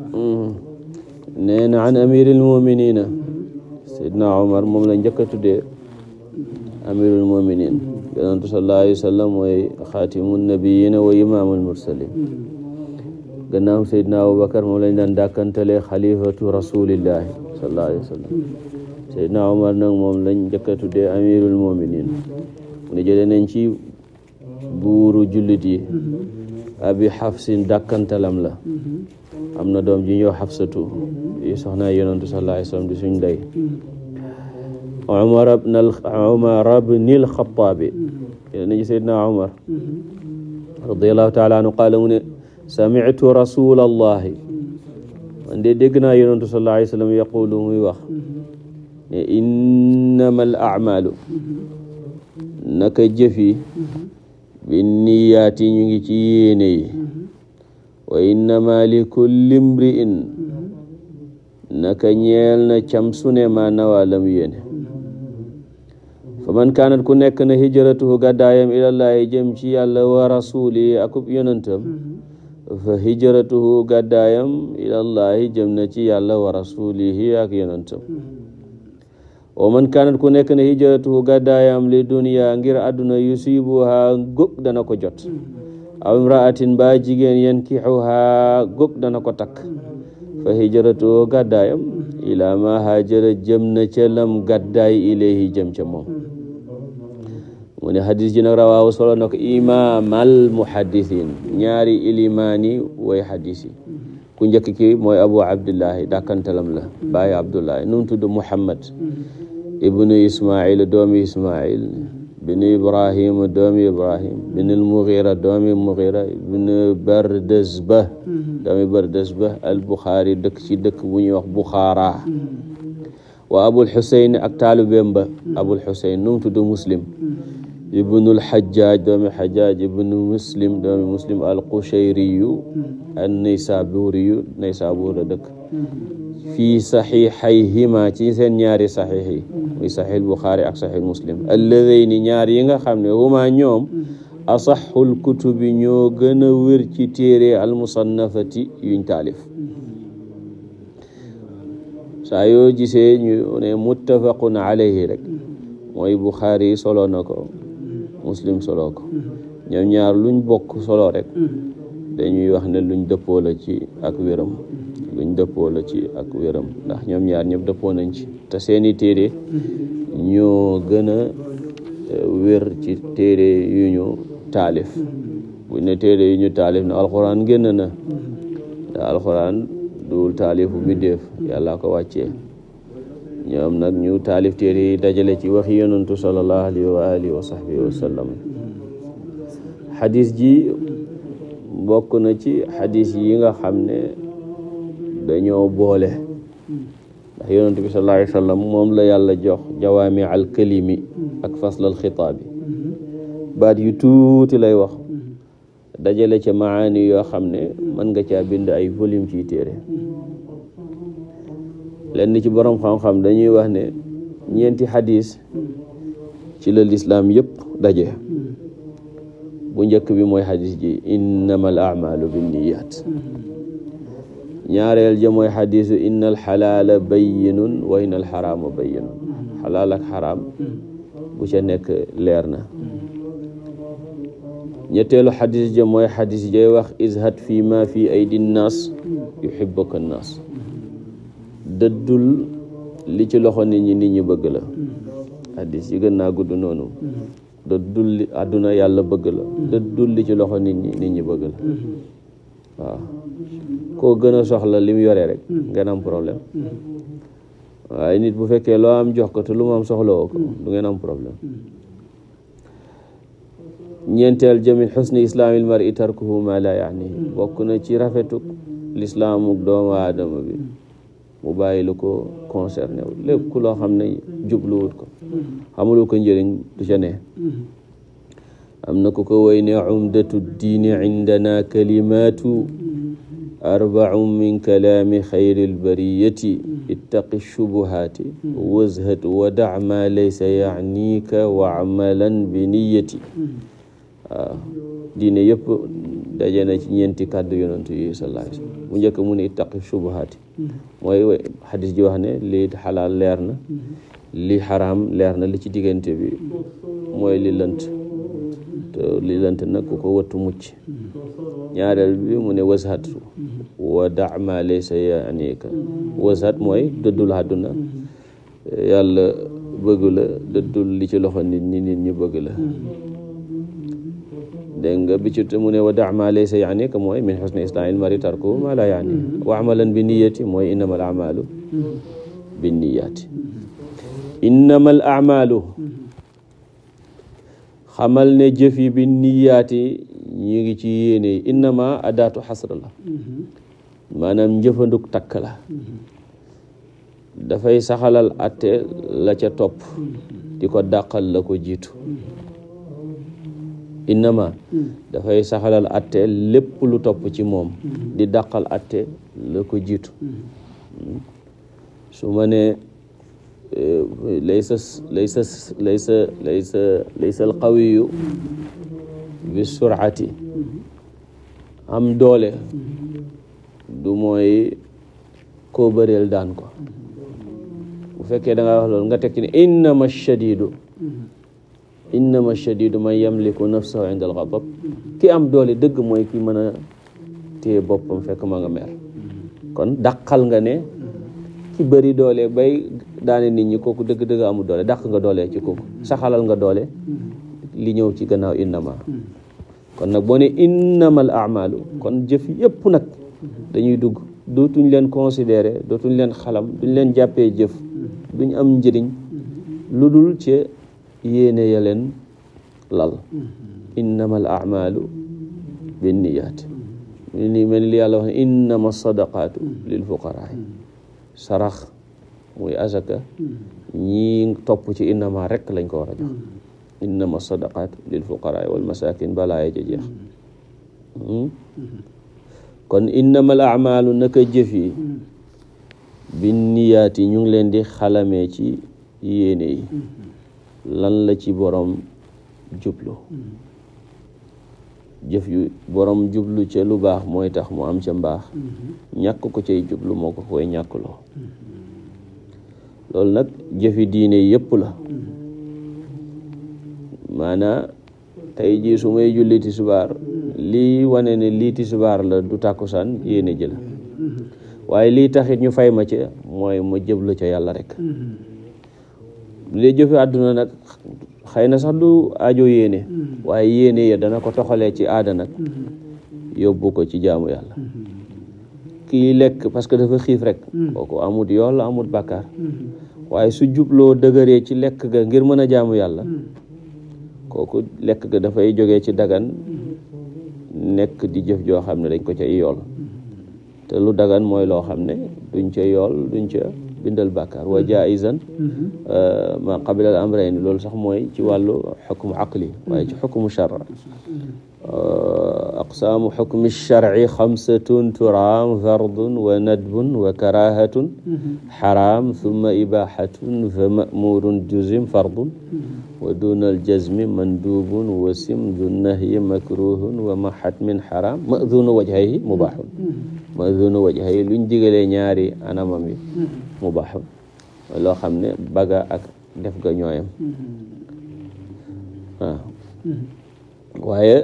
Mm. nee na an amiril muminina Seydina Omar moom la njëkk a tuddee amirul muminin yonentu sallallahu alayhi wa sallam mooy xaatimun nabiyina Abubakar moom lañ daan dàkkantalee xalifatu rasulillahi sallallahu alayhi wa sallam Seydina Omar nag moom a tuddee amirul muminin ne jëlee buuru jullit abi xafsin dàkkantalam la mm-hmm. am na doom ji ñoo xafsatu yi mm-hmm. soxnaa yonantu sallallahu alayhi wasallam di suñ ndey umar mm-hmm. ibn umar ibn al-xattaab yéen ji seydna umar radiyallahu taala anhu qaala mu ne sami'tu rasulallahi man de dégg naa yonantu sallallahu alayhi wasallam yaqulu muy wax ne innama al a'malu naka jëf yi bi niyaati ñu ngi ci yéene yi mm-hmm. wa innama li kulli imri'in mm-hmm. naka ñeel na cam su ne ma nawaa mm-hmm. fa man kaanat ku nekk na hijratuhu gàddaayam ilallaahi jëm ci yàlla wa rasuli akub yonantam fa hijratuhu gàddaayam ilallaahi jëm na ci yàlla wa rasulihi ak yonantam wa man kaanat ku nekk ne hijratuhu gàddaayam li duniya ngir àdduna yusibuha góg dana ko jot aw imraatin ba jigéen yankihuha góg dana ko takk fa hijratuhu gàddaayam ila ma hajara jëm na ca lam gàddaay ilayhi jëm ca moom mu ne xadis ji nag rawaawu solo ñaari ilimaani way xadis yi ku njëkk ki mooy abu abdullahi dàkkantalam la baay abdullahi nu muhammad ibnu ismail doomi ismail ibnu ibrahima doomi ibrahim ibnu mugira doomi mugira ibnu bardasba doomi bardasba al buxaari dëkk ci dëkk bu ñuy wax buxaara wa abul xuseyn ak taalibeem ba abul xuseyn nu mu tudd muslim ibnul xajjaaj doomi xajjaaj ibnu muslim doomi muslim al qushayriyu an naysaburiyu naysabur la dëkk fi saxiixayhima ci seen ñaari saxiix yi muy saxiix buxaari ak saxiix muslim alladayni ñaar yi nga xam ne huma ñoom asaxul kutubi ñoo gën a wér ci téere almusannafati yuñ taalif saa yoo gisee ñu ne muttafaqun alayhi rek mooy buxaari solo na ko muslim solo ko ñoom ñaar luñ bokk solo rek dañuy wax ne luñ dëppoo la ci ak wéram dëppoo la ci ak wéram ndax ñoom ñaar ñëpp dëppoo nañ ci te seeni téere ñu gën a e, wér ci téere yuñu ñu taalif buñ ne téere yu ñu taalif na alxuraan génn na da alxuraan duul taalifu mbindéef yàlla ko wàccee ñoom nag ñu taalif téere yi dajale ci waxi yonantu sallallahu alayhi wa alihi wa sahbihi wa sallam xadis ji bokk na ci xadis yi nga xam ne dañoo boole ndax yonent moom la yàlla jox jawaami al kalimi ak faslal xitaabi baat yu tuuti lay wax dajale ca maani yoo xam ne mën nga caa bind ay volume ciy téere lenn ci borom xam-xam dañuy wax ne ñeenti xadis ci la lislaam yëpp daje bu njëkk bi mooy xadis ji innamal a'maalu binniyaat ñaareel ja mooy xadisu innal xalaala bayyinun wa innal xaraama bayyinun xaraam bu ca nekk leer na ñetteelu xadis ja mooy xadis jay wax izhad fi ma fi aydi nnaas yuhibbuka nnaas dëddul li ci loxo nit ñi nit bëgg la xadis yi gën naa gudd noonu dëddul li àdduna yàlla bëgg la dëddul li ci loxo nit ñi nit ñi bëgg la waaw koo gën a soxla li mu yore rek ngeen am problème waaye nit bu fekkee loo am jox ko te lu mu am soxla woo ko du ngeen am problème ñeenteel jamin xusni islaamil mar'i tarkuhu ma la yaanihi bokk na ci rafetuk lislaamuk doomu aadama bi mu bàyyi lu ko concerné wu lépp ku loo xam ne jubluwut ko xamuloo ko njëriñ du ca ne am na ku ko woy ne umdatu diini indana kalimatu arbaun min kalaami xayri lbariyati ittaqi shubuhaati wazhat wa daa ma laysa yacniika wa amalan bi niyati waaw diine yëpp daje na ci ñeenti kàddu yonantu yi sallallahu alayhi wa sallam mu njëkk mu ne ittaqi shubuhaati mooy xadis ji wax ne lii xalaal leer na li xaraam leer na li ci diggante bi mooy li lënt te li lënt nag ku ko wattu mucc ñaareel bi mu ne washat wa dama laysa yaaniika washat mooy dëddul àdduna yàlla bëgg la dëddul li ci loxo nit ñi nit ñi bëgg la dégg nga bi ci mu ne wa da ma laysa ka mooy min xusni islaamil mari tarku ma la yaani mm-hmm. wa amalan bi niyati mooy innamal amalu mm-hmm. bi niyati mm-hmm. innamal amalu xamal ne jëf yi bi niyaati ñu ngi ci yéene innama adaatu xasr la maanaam njëfanduk dafay saxalal atte la ca topp di ko dàqal la ko jiitu innama mm. dafay saxalal atte lépp lu topp ci moom mm. di dàqal atte la ko jiitu mm. su ma ne eh, laysa laysa laysa laysa laysa alqawiyu bi surati mm-hmm. am doole mm-hmm. du mooy koo bëreel daan ko mm-hmm. bu fekkee da nga wax loolu nga teg ci ne innama shadidu innama shadidu man yamliku nafsahu inda alxadab ki am doole dëgg mooy ki mën a téye boppam fekk ma nga mer kon dàqal nga ne ki bëri doole bay daane nit ñi kooku dëgg-dëgg amul doole daq nga doole ci kooku saxalal nga doole li ñëw ci gannaaw innama kon nag boo ne innamal amalu kon jëf yëpp nag dañuy dugg dootuñ leen considérer dootuñ leen xalam duñ leen jàppee jëf duñ am njëriñ lu dul ci yéene ya leen lal innama al amalu binniyaat mu ni mel li yàlla wax innama sadaqaatu lil fuqaraa sarax muy asaka ñi topp ci innama rekk lañ ko war a jox innama sadaqaatu lil fuqaraa wal masakin balaaye ja hmm? kon innama al amalu naka jëf yi binniyaat yi ñu ngi leen di xalamee ci yéene yi lan la ci borom jublu jëf yu borom jublu ci lu baax mooy tax mu am ca mbaax ñàkk ko cay jublu moo ko koy ñàkkloo loolu nag jëfi diine yëpp la maanaa tey ji su may julli tisbaar lii wane ne lii tisbaar la du tàkkusaan yéene jël waaye lii taxit ñu fay ma ca mooy ma jëblu ca yàlla rekk bu dee jëfe àdduna nag xëy na sax du ajo yéene mm-hmm. waaye yéene ya dana ko toxalee ci aada nag mm-hmm. yóbbu ko ci jaamu yàlla mm-hmm. kii lekk parce que dafa xiif rek kooku amut yool la amut bàkkaar waaye su jubloo dëgëree ci lekk ga ngir mën a jaamu yàlla kooku lekk ga dafay jóge ci dagan nekk di jëf joo xam ne dañ ko ca yool te lu dagan mooy loo xam ne duñ ca yool duñ ca bindal bàkkaar wa jaizan mhm. euh, ma qabila al amrayn loolu sax mooy ci wàllu xukmu aqli waaye ci xukmu char mhm. aqsaamu xukmi charci xamsatun turaam fardun wa nadbun wa karahatun mhm. xaraam thumma ibaxatun fa mamurun juzim fardun wa duna aljazmi mandubun wa simdu nahyi makruhun wa ma xatmin xaraam madunu wajhayhi mubaaxun mazunu wajhayi luñ digalee ñaari anamam yi mm-hmm. mu baax loo xam ne baga ak def ga ñooyam mm-hmm. waaw mm-hmm. waaye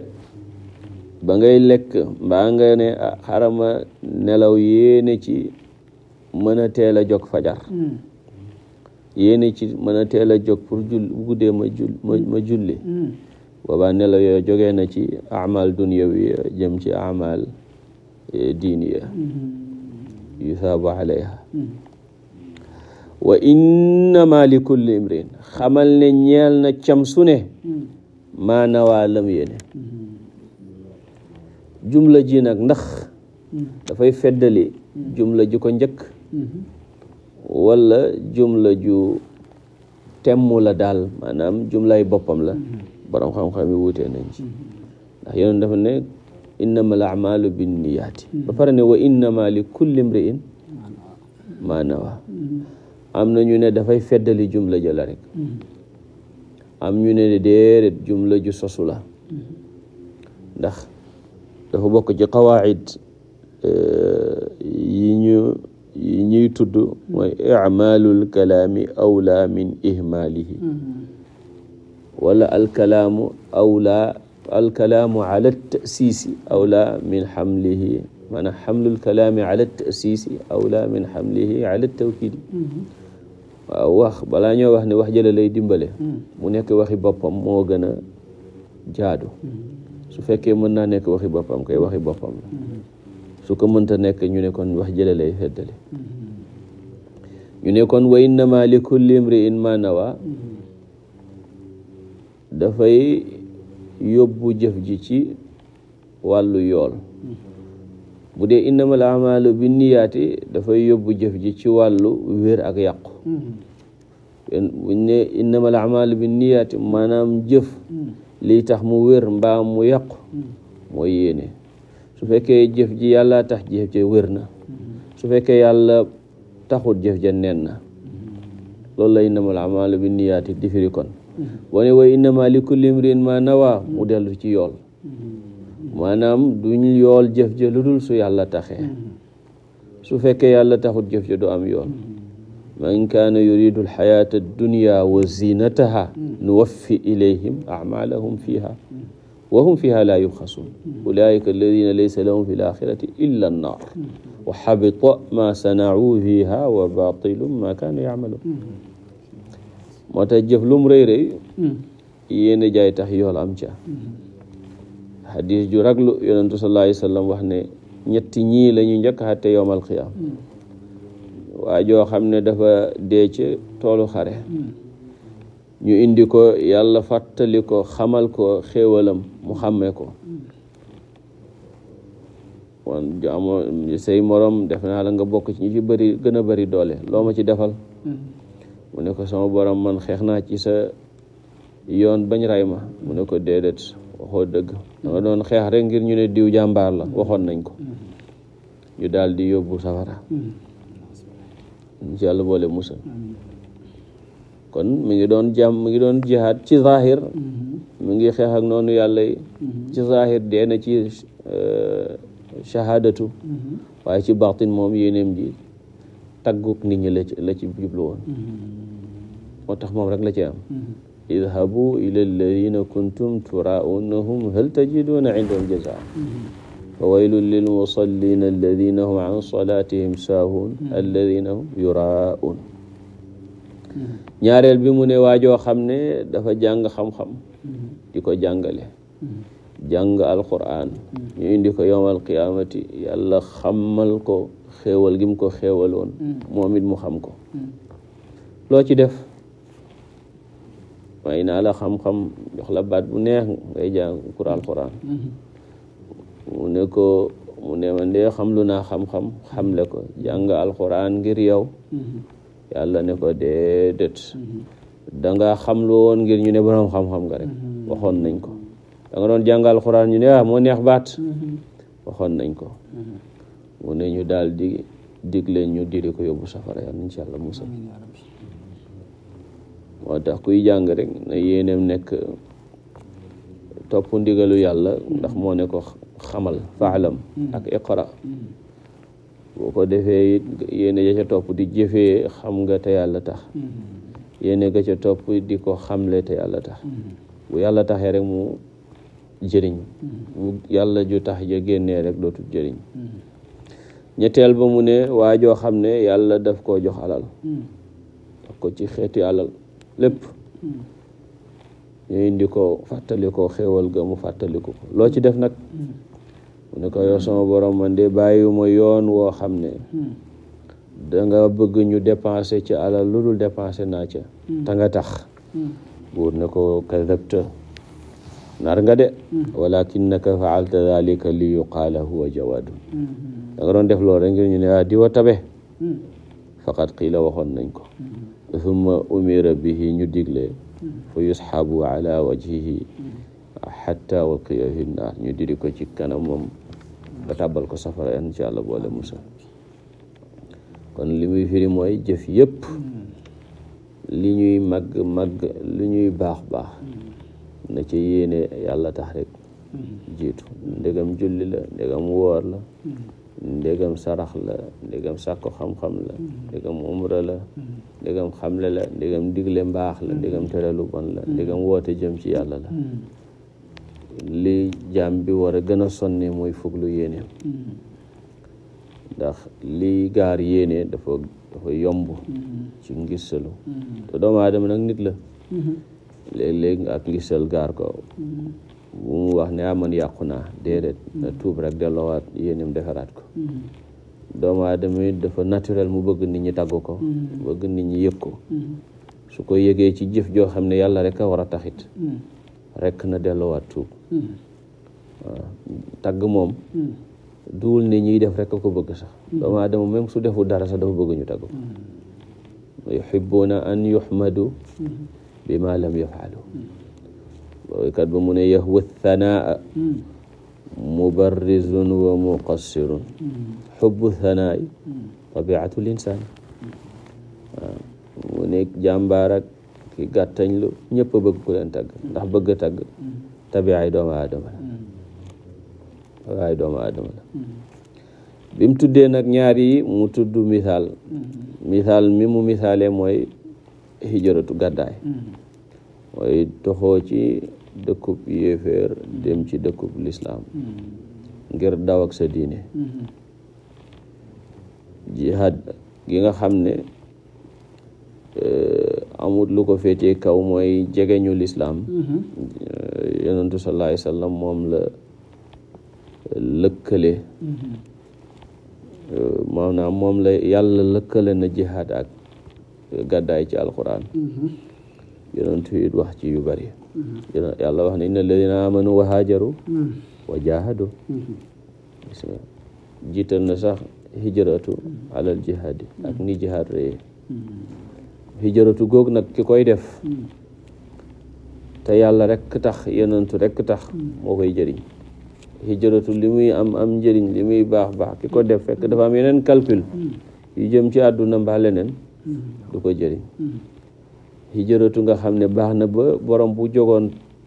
ba ngay lekk mbaa nga ne ah, xarama nelaw yéene ci mën a teel a jóg fajar yéene ci mën a teel a jóg pour jul bu ma jul ma julli nelaw yooyu jógee ci amal dunyawi jëm ci amal diiniya mm-hmm. yusaabu alayha mm-hmm. wa innama li kulli imrin xamal ne ñeel na cam su ne mm-hmm. maa nawaa lam jumla ji nag ndax dafay feddali jumla ji ko njëkk wala jumla ju temmu la daal maanaam jumlay boppam la borom xam-xam yi wuutee nañ ci dafa ne innama al amalu binniyaati ba pare ne wa innama li kulli imri'in ma nawa am na ñu ne dafay feddali jumla ja la rek am ñu ne déedéet jumla ju sosu la ndax dafa bokk ci qawaid eh, yi ñu yi ñuy tudd mooy icmaalul kalaami awlaa min ihmaalihi mm-hmm. wala alkalaamu awlaa alkalaamu ala tasisi awla min xamlihi maanaam xamlul kalaami ala tasisi awla min xamlihi ala tawkidi waaw wax balaa ñoo wax ne wax jële lay dimbale mu nekk waxi boppam moo gën a jaadu su fekkee mën naa nekk waxi boppam kay waxi boppam la su ko mënta nekk ñu ne kon wax jële lay feddali ñu ne kon wa innama li kulli imri'in ma nawa dafay yóbbu jëf ji ci wàllu yool bu dee innamal amalu bi niyaati dafay yóbbu jëf ji ci wàllu wér ak yàqu mm-hmm. buñ ne innamal amalu bi niyaati maanaam jëf mm-hmm. lii tax mu wér mbaam mu yàqu mm-hmm. mooy yéene su fekkee jëf ji yàlla tax jëf ja wér na su fekkee yàlla taxut jëf ja neen na loolu la innamal amalu bi niyaati di firi kon wane wa innama li kulli imrin ma nawa mu dellu ci yool maanaam duñ yool jëf ja lu dul su yàlla taxee su fekkee yàlla taxut jëf ja du am yool man kaana yuridu alxayaata addunya wa zinataha nuwaffi ilayhim acmaalahum fiha wa hum fiha laa yubxasuun ulaika alladina laysa lahum fi laxirati illa annaar wa xabita ma sanacuu fiha wa batilu ma kaanu yacmaluun moo tax jëf lum rëy rëy hmm. yéene jaay tax yool am ca hmm. xadis ju raglu yonentu sallallahu alayhi wax ne ñetti ñii la ñu njëkk xatte yowmal xiyaam hmm. waa joo xam ne dafa dee toolu xare ñu indi ko yàlla fàttali ko xamal ko xéewalam mu xàmmee ko wan ju amoon say morom def naa la nga bokk ci ñu ci bëri gën a bëri doole loo ci defal mu ne ko sama borom man xeex naa ci sa yoon bañ ray ma mu ne ko déedéet waxoo dëgg danga doon xeex rek ngir ñu ne diw jàmbaar la waxoon nañ ko ñu daal di yóbbu safara incha boole musal kon mu ngi doon jàmm mi ngi doon jihaad ci zahir mu ngi xeex ak noonu yàlla ci zahir dee ci eh, shahadatu mhm. waaye ci baatin moom yéeneem ji tagguk nit ñi la ci la ci jublu woon moo tax moom rek la ci am idhabu ila alladina kuntum turaunahum hal tajiduna indahum jazaa fa waylun lil musallin alladina hum an salatihim saahun alladina hum yuraun ñaareel bi mu ne waajoo xam ne dafa jàng xam-xam di ko jàngale jàng alquran ñu indi ko yowmal qiyaamati yàlla xamal ko xewal gim ko xéewaloon moom it mu xam ko loo ci def may na la xam-xam jox baat bu neex ngay jàng kur alquran mu ne ko mu ne man de xam lu naa xam-xam xamle ko jàng alquran ngir yow yàlla ne ko déedéet mm-hmm. danga xam lu woon ngir ñu ne boroom xam-xam nga rek mm-hmm. waxoon nañ ko da nga doon jàngal alxuraan ñu ah, neex baat mhm. waxoon nañ ko mhm. mu ne ñu daal di digle ñu di ko yóbbu safara yàlla insha allah musa moo tax kuy jàng rek na yéeneem nekk topp ndigalu yàlla mhm. ndax moo ne ko xamal faalam ak iqra boo ko defee it yéene ja topp di jëfee xam nga te yàlla tax yéene ga ca topp di ko xamle te yàlla tax bu yàlla taxee rek jëriñ mm-hmm. yàlla ju tax ja génnee rek dootul jëriñ mm-hmm. ñetteel ba mu ne waa joo xam ne yàlla daf koo jox alal mm-hmm. daf ko ci xeeti alal lépp ñu indi ko fàttali ko xéewal ga mu fàttaliku ko loo ci def nag mu ne ko yow sama borom man de ma yoon woo xam ne danga bëgg ñu dépenser ci alal lu dul dépenser naa ca te nga tax buur ne ko kadabta nar nga de walakinnaka faalta dhalika li yuqaala huwa jawadu mm-hmm. da nga doon def loolu rek ngir ñu ne waa ah, diwa tabe mm-hmm. faqad qiila waxoon nañ ko summa mm-hmm. umira bihi ñu digle fa ala wajhihi xatta waqiya fi naar ñu diri ko ci kanam moom ba ko safara incha allah boole musa kon li muy firi mooy jëf yëpp ñuy màgg li ñuy baax baax na ca yéene yàlla tax rek mm-hmm. jiitu ndegam julli la ndegam woor la mm-hmm. ndegam sarax la ndegam sàkko xam-xam la mm-hmm. ndegam umra la ndegam xamle la ndegam digle mbaax la ndegam tere lu bon la ndegam woote jëm ci yàlla la li jaam bi war a gën a sonne mooy fuglu yéene ndax lii gaar yéene dafa yomb ci ngisalu te doomu aadama nag nit la léegi nga ak ngisal gaar ko bu mm-hmm. mu wax ne aman yàqu déedéet mm-hmm. na tuub rek dellowaat yéenim defaraat ko mm-hmm. doomu aadama yi dafa naturel mu bëgg nit ñi tagg ko bëgg nit ñi yëg ko su ko yëgee ci jëf joo xam ne yàlla rekk a war a taxit rekk na dellowaat tuub waaw tagg moom duwul ne ñuy def rek a ko bëgg sax doomu aadama même su deful dara sax dafa bëgg ñu tagg ko yuhibbuna an yuhmadu bi ma lam yafalu kat ba mu ne yahwa thanaa mubarrizun wa muqassirun xubbu thanaai tabiatu linsaan waaw mu ne jàmbaar ak ki gàttañ lu ñëpp a bëgg ku leen tagg ndax bëgg tagg tabiay doomu aadama la waaye doomu aadama la bi mu tuddee nag ñaar yi mu tudd misaal misaal mi mu misaalee mooy hijratu gàddaay mm-hmm. mooy toxoo ci dëkkub yéeféer dem ci dëkkub lislaam mm-hmm. ngir daw ak sa diine mm-hmm. jihad gi nga xam ne eh, amut lu ko féetee kaw mooy jegeñu lislaam eh, yonentu sallallahu moom la lëkkale eh, maanaam moom la yàlla lëkkale na jihad ak gàddaay ci alquran mm-hmm. yonent yi wax ci yu bari mm-hmm. yàlla wax ne inna alladina amanu wa haajaru mm-hmm. wa jahadu jiital na sax hijratu alal jihaadi ak ni jihaad rëy hijratu góog nag ki koy def te yàlla rekk tax yonentu rek tax moo koy jëriñ hijratu li muy am am njëriñ li muy baax baax ki ko def fekk dafa am yeneen calcul yu jëm ci àdduna mbaa leneen du ko jëriñ hijratu nga xam ne baax na ba borom bu jogoon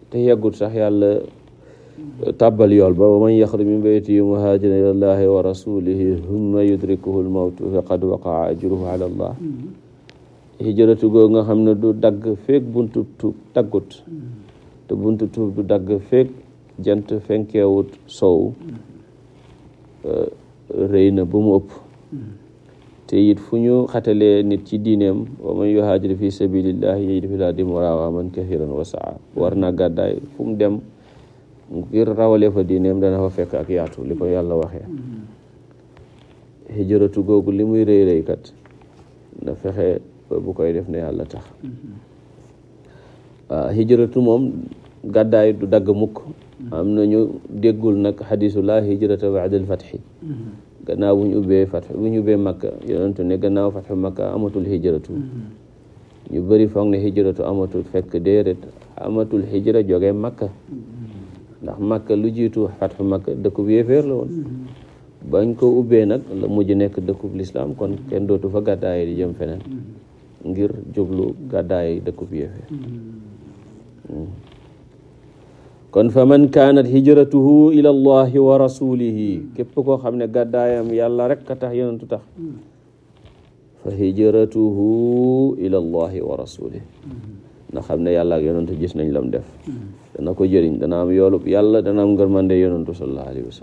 te yeggut sax yàlla mm. tàbbal yool ba wa man yaxruj min baytihi muhaajiran ila llahi wa rasulihi humma yudrikuhu lmawtu faqad waqaa ajruhu allah mm. hijratu goo nga xam ne du dagg feek buntu tuub daggut mm. te buntu tuub du dagg feek jant fenkeewut sow euh, rëy na bu mu ëpp te it fu ñu xatalee nit ci diineem wa man yuhaajir fi sabilillahi yajid fil ardi muragaman kathiran wa saa war na gàddaay fu mu dem ngir rawalee fa diineem dana fa fekk ak yatu li ko yàlla waxee hijratu googu li muy rëy rëy kat na fexe bu koy def na yàlla tax waaw ah, hijratu moom gàddaay dagg mukk am na ñu déggul nag xadisu laa hijrata ba'da al-fathi gannaaw bu ñu ubbee fatx bu ñu makka yonentu ne gannaaw fatxu makka amatul hijratu mm-hmm. ñu bëri foog amatul fekk déedéet amatul hijra jógee makka mm-hmm. ndax makka lu jiitu fatxu makka dëkkub yéeféer la woon mm-hmm. bañ ko ubbee nag mujj nekk dëkkub lislaam kon kenn dootu fa gàddaayi di jëm feneen ngir jublu gàddaayi dëkkub yéeféer mm. kon fa man kaanat hijratuhu ila allahi wa rasulihi képp koo xam ne gàddaayam yàlla rek a tax yonentu tax fa hijratuhu ila allahi wa rasulihi na xam ne yàlla ak yonentu gis nañ lam def dana ko jëriñ dana am yoolub yàlla dana am ngërmande yonentu sallallahu alayhi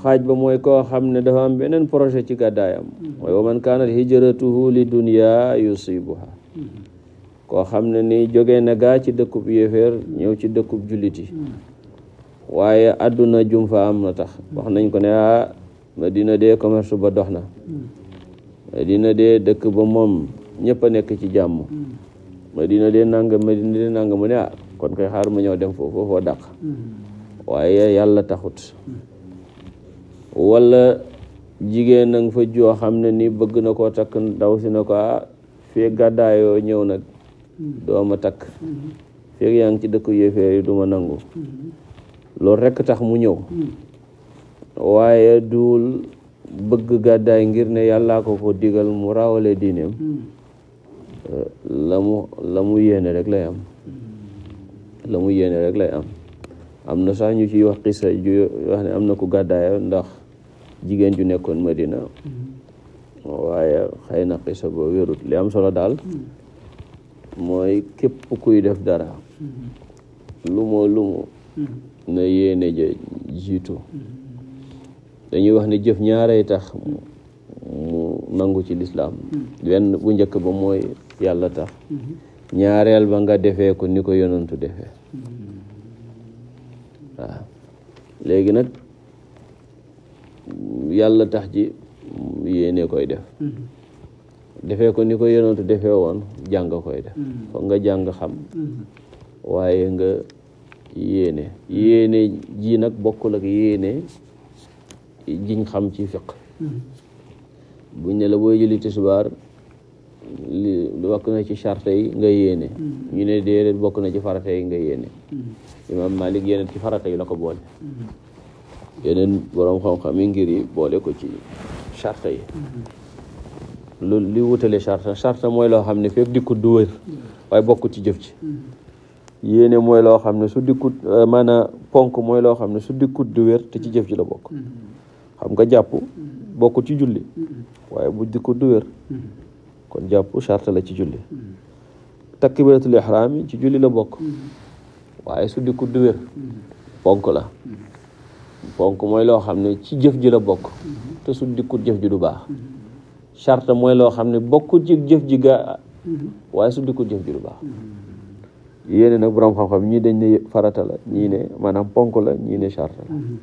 xaaj ba mooy koo xam ne dafa am beneen projet ci gàddaayam mooy wa man kaanat hijratuhu li dunya yusibuha koo xam ne ni jóge na gaa ci dëkkub yéeféer ñëw ci dëkkub jullit yi waaye àdduna jum fa am na tax wax nañ ko ne ah Madina dee commerce ba dox na dina dee dëkk ba moom ñëpp a nekk ci jàmm Madina dee nanga Madina dee nanga mu ne ah kon koy xaar ma ñëw dem foofu foofoo dàq waaye yàlla taxut wala jigéen nag fa joo xam ne ni bëgg na koo takk ndaw si na ko ah fii gàddaayoo ñëw nag doo ma takk feeg yaa ngi ci dëkk yéeféer yi du nangu loolu rekk tax mu ñëw waaye duul bëgg gàddaay ngir ne yàllaa ko ko digal mu raawale diineem la mu la mu yéene rek lay am la mu yéene rek lay am am na sax ñu ci wax xisa ju wax ne am na ku gàddaaya ndax jigéen ju nekkoon Madina mm-hmm. waaye xëy na xisa ba wérut li am solo daal mm-hmm. mooy képp kuy def dara lu moo mm-hmm. na yéene ja jiitu dañuy wax ne jëf ñaaray tax mu nangu ci lislaam wenn mm-hmm. bu njëkk ba mooy yàlla tax mm-hmm. ñaareel ba nga defee ko ni ko yonantu defee waaw léegi nag yàlla tax ji yéene koy def defee ko ni ko yonentu defee woon jàng koy def mm-hmm. foog nga jàng xam mm-hmm. waaye nga yéene yéene jii nag bokkul ak yéene jiñ xam ci fiq mm-hmm. buñ ne la booy julli tisbaar li bokk na ci charte yi nga yéene ñu ne déedéet bokk na ci farate yi nga yéene imaam Malik yéene ci farata yi la ko boole yeneen boroom xam-xam yi ngir boole ko ci charte yi lu li wutale charte charte mooy loo xam ne fekk dikkut du wër waaye bokkut ci jëf ci yéene mooy loo xam ne su dikkut euh, maanaam ponk mooy loo xam ne su dikkut du wér te ci jëf ji la bokk xam nga jàpp bokkut ci julli waaye bu dikkut du wér jàpp charte la ci julli takbiratul ihram ci julli la bokk waaye su dikkut du wér ponk la ponk mooy loo xam ne ci jëf ji la bokk te su dikkut jëf ji du baax charte mooy loo xam ne bokkul ci jëf ji gaa mm-hmm. waaye su dikkul jëf ji lu baax yéene nag borom xam-xam ñii dañ ne farata la ñii ne maanaam ponk la ñii ne charte la mm-hmm.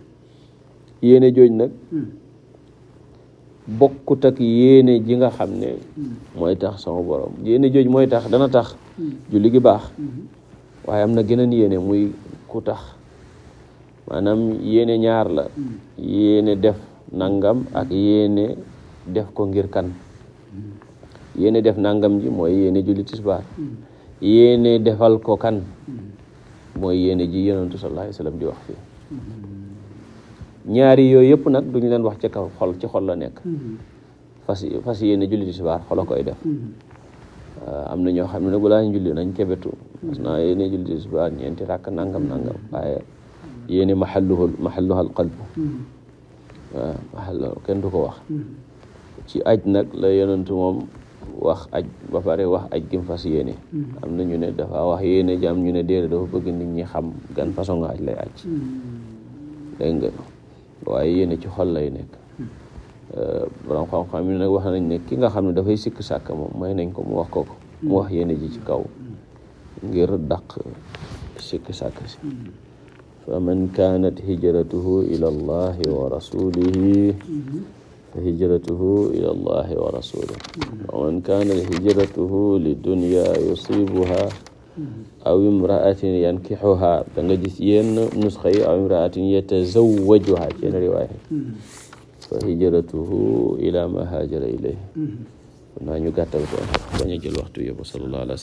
yéene jooj nag mm-hmm. bokkut ak yéene ji nga xam ne mooy tax sama borom yéene jooj mooy tax dana tax julli gi baax waaye am na geneen yéene muy ku tax maanaam yéene ñaar la yéene def nangam ak yéene def ko ngir kan yéene def nangam ji mooy yéene julli tisbaar yéene defal ko kan mooy yéene ji yonentu sallallahu alayhi wasallam di wax fi ñaari yooyu yëpp nag duñu leen wax ci kaw xol ci xol la nekk fas fas yéene julli tisbaar xol a koy def uh, am na ñoo xam ne nag balaa ñu julli nañ kebetu parce que yéene julli ñeenti rakk nangam nangam waaye yéene mahalluhul mahalluhal qalbu waaw mm-hmm. uh, mahall kenn du ko wax mm-hmm. ci aj nag la yonentu moom wax aj ba pare wax aj gi fas yéene mm-hmm. am na ñu ne dafa wax yéene jàmm ñu ne déedéet dafa bëgg nit ñi xam gan façon nga aj lay aj mm-hmm. dégg nga waaye yéene ci xol lay nekk mm-hmm. euh, borom xam yi nag wax nañ ne ki nga xam ne dafay sikk sàkk moom may nañ ko mu wax ko ko mu wax yéene ji ci kaw ngir daq sikk sàkk si fa man kaanat hijratuhu ila allahi wa rasulihi فهجرته إلى الله ورسوله ومن كان هجرته لدنيا يصيبها aw imraatin yankixuha da nga gis yenn nusxa yi aw imraatin yetazawwajuha ci yenn riwaaya mm-hmm. fa hijratuhu ila ma haajara ilayhi mm-hmm. kon naa ñu gàttal ko bañ a jël waxtu yëpp sallallahu ala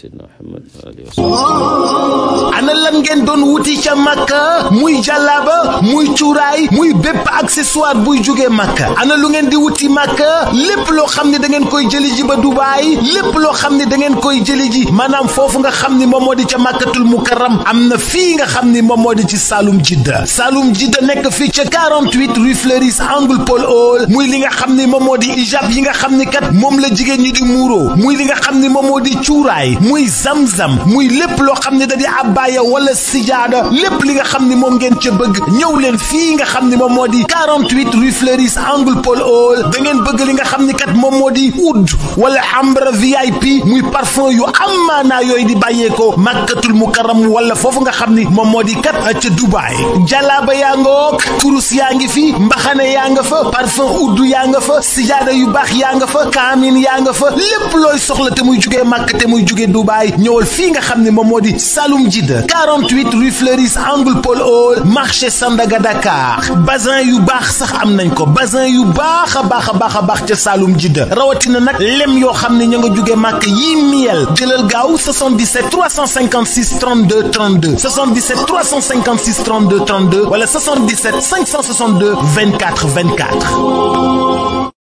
ana lan ngeen doon wuti ca màkka muy jàllaaba muy cuuraay muy bépp accessoire buy jógee màkka ana lu ngeen di wuti màkka lépp loo xam ne da ngeen koy jëli ji ba dubaay lépp loo xam ne da ngeen koy jëli ji maanaam foofu nga xam ni moom moo di ca màkkatul mukarram am na fii nga xam ni moom moo di ci Saloum jidda Saloum jidda nekk fii ca 48 rue Fleuris angle Paul Hall muy li nga xam ni moom moo di ijab yi nga xam ni kat moom la jigéen ñi di muuroo muy li nga xam ni moom moo di cuuraay muy zamzam muy lépp loo xam ne da di abbaaya wala sijaada lépp li nga xam ni moom ngeen ca bëgg ñëw leen fii nga xam ni moom moo di 48 rue Fleuris angle Paul Hall da ngeen bëgg li nga xam ni kat moom moo di oud wala ambre VIP muy parfum yu amaanaa yooyu di bàyyeekoo màkkatul mukarram wala foofu nga xam ni moom moo di kat ca Dubaay jalaaba yaa nga wook kurus yaa ngi fi mbaxane yaa nga fa parfum oud yaa nga fa sijaada yu baax yaa nga fa kaamin yaa nga fa lépp looy soxla te muy jugee màkk te muy jugee Dubaay ñëwal fii nga xam ne moom moo di saalum Jidda 48 rue Fleuris angle Paul Hall marché Sandaga Dakar bazin yu baax sax am nañ ko basin yu baax a baax a baax a baax ca Saloum Jidda rawatina nag lem yoo xam ne ña nga jugee màkk yii miel jëlal gaaw 77 356 32 32 77 356 32 32 wala 77 562 24 24.